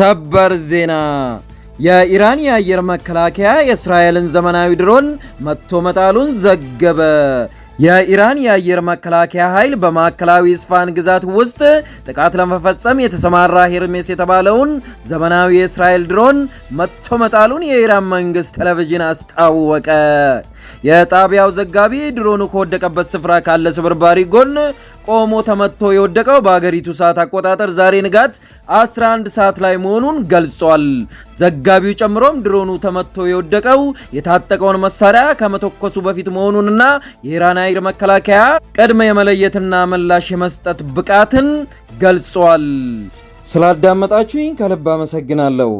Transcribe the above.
ሰበር ዜና የኢራን የአየር መከላከያ የእስራኤልን ዘመናዊ ድሮን መጥቶ መጣሉን ዘገበ። የኢራን የአየር መከላከያ ኃይል በማዕከላዊ ስፋን ግዛት ውስጥ ጥቃት ለመፈጸም የተሰማራ ሄርሜስ የተባለውን ዘመናዊ የእስራኤል ድሮን መጥቶ መጣሉን የኢራን መንግሥት ቴሌቪዥን አስታወቀ። የጣቢያው ዘጋቢ ድሮኑ ከወደቀበት ስፍራ ካለ ስብርባሪ ጎን ቆሞ ተመቶ የወደቀው በአገሪቱ ሰዓት አቆጣጠር ዛሬ ንጋት 11 ሰዓት ላይ መሆኑን ገልጿል። ዘጋቢው ጨምሮም ድሮኑ ተመቶ የወደቀው የታጠቀውን መሳሪያ ከመተኮሱ በፊት መሆኑንና የኢራን አየር መከላከያ ቅድመ የመለየትና ምላሽ የመስጠት ብቃትን ገልጿል። ስላዳመጣችሁኝ ከልብ አመሰግናለሁ።